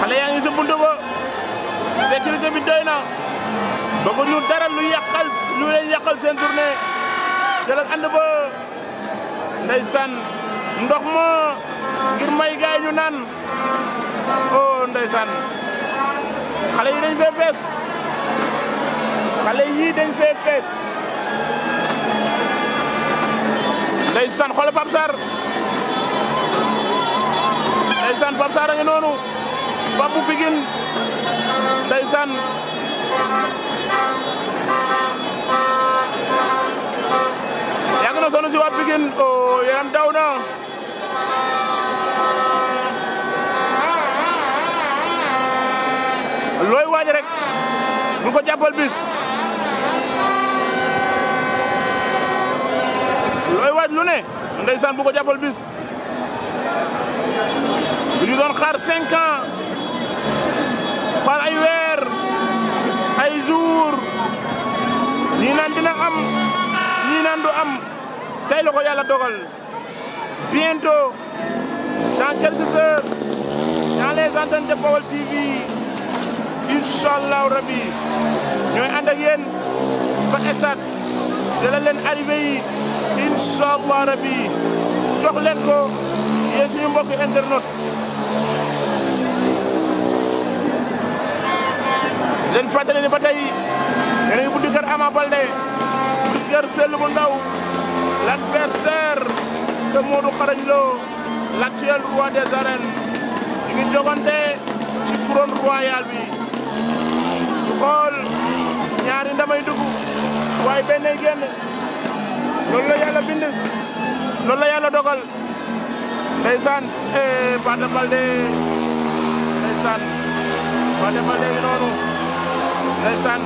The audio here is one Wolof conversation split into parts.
xale yaa ngi sa buntu ba sécurité bi doy na bëgguñu dara lu yàqal lu leen yàqal seen tournée jëlal ànd ba ndeysaan ndox ma ngir may gaay ñu naan oh ndeysaan xale yi dañ fee fees yii dañ fee fees ndeysaan xoolal Pape Sarr ndeysaan Pape noonu Papu Pikine ndeysaan yàgg na sonn si waa Pikine o oh, yaram daw looy waaj rek bu ko jàppal bis looy waaj lu ne ndeysaan bu ko jàppal bis bu ñu doon xaar far ay weer ay jour ñii naan am ñii am tey la ko yàlla dogal bientôt dans quelques heures dans les antennes de ñooy ànd ak ba esat dala leen arrivé yi incha allah rabi jox leen mbokk internet leen fàttali ne ba tey yéen ngi buddi kër Ama Baldé buddi kër Seul bu ndaw l'adversaire de Modou Xarañ Lo l'actuel roi des arènes ñu ngi jogante ci couronne royale bi ñu xool ñaari ndamay dugg waaye benn génn loolu la yàlla bind loolu la yàlla dogal ndeysaan eh, Pathé Baldé ndeysaan Pathé Baldé ngi noonu ndeysaan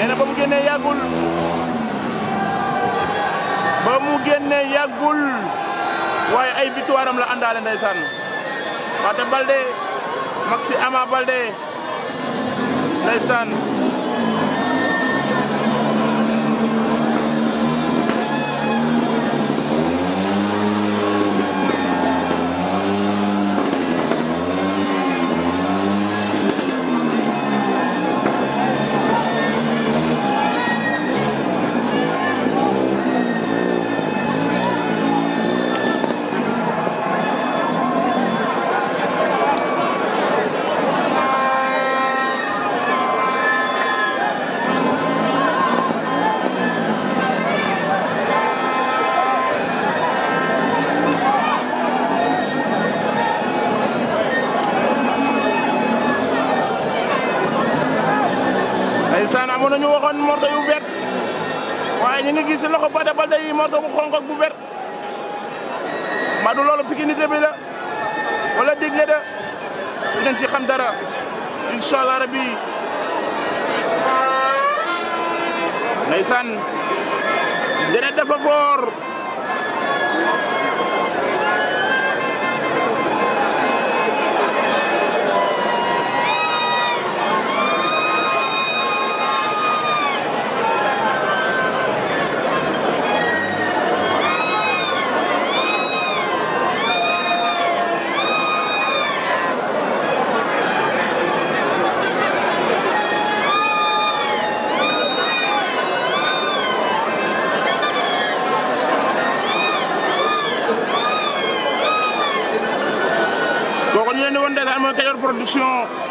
nee na ba mu génnee yàggul ba mu génnee yàggul waaye ay victoire am la àndaale ndeysaan Pathé Baldé Maxi Ama Baldé ndeysaan ñu waxoon morso yu vert waaye ñu ngi gis si loxo Bada Baldé yi morso bu xonk bu vert ma loolu pikinité bi la wala digle da dinañ si xam dara incha allah rabbi ndeysaan dafa foor production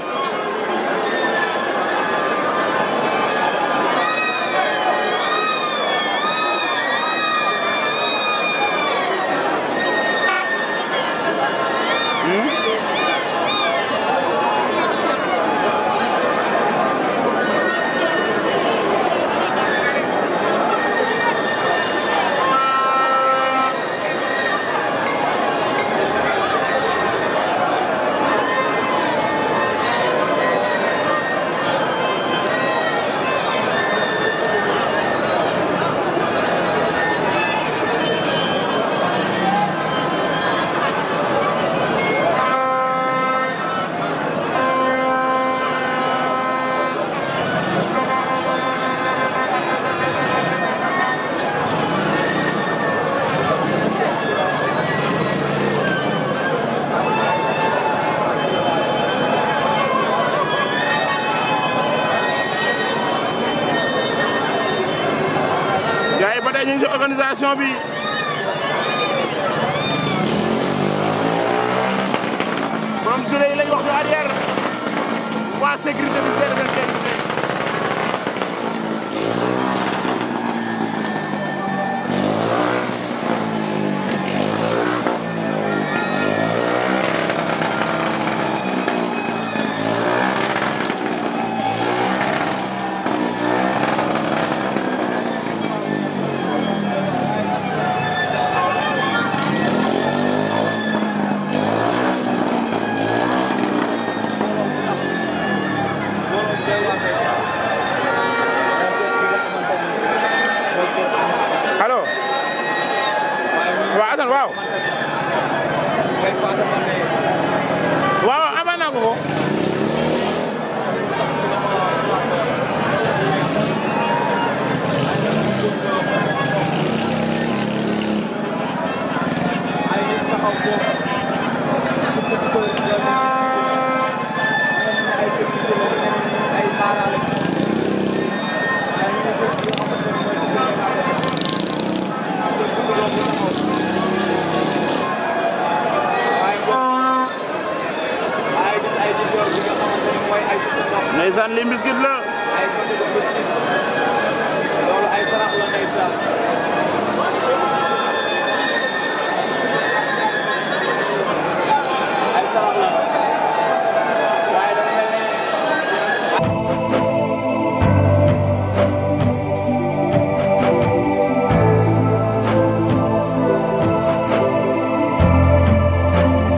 tey ñu ngi si organisation bi borom juré yi lañ wax ñu arrière waa sécurité bi seen Stanley Biscuit la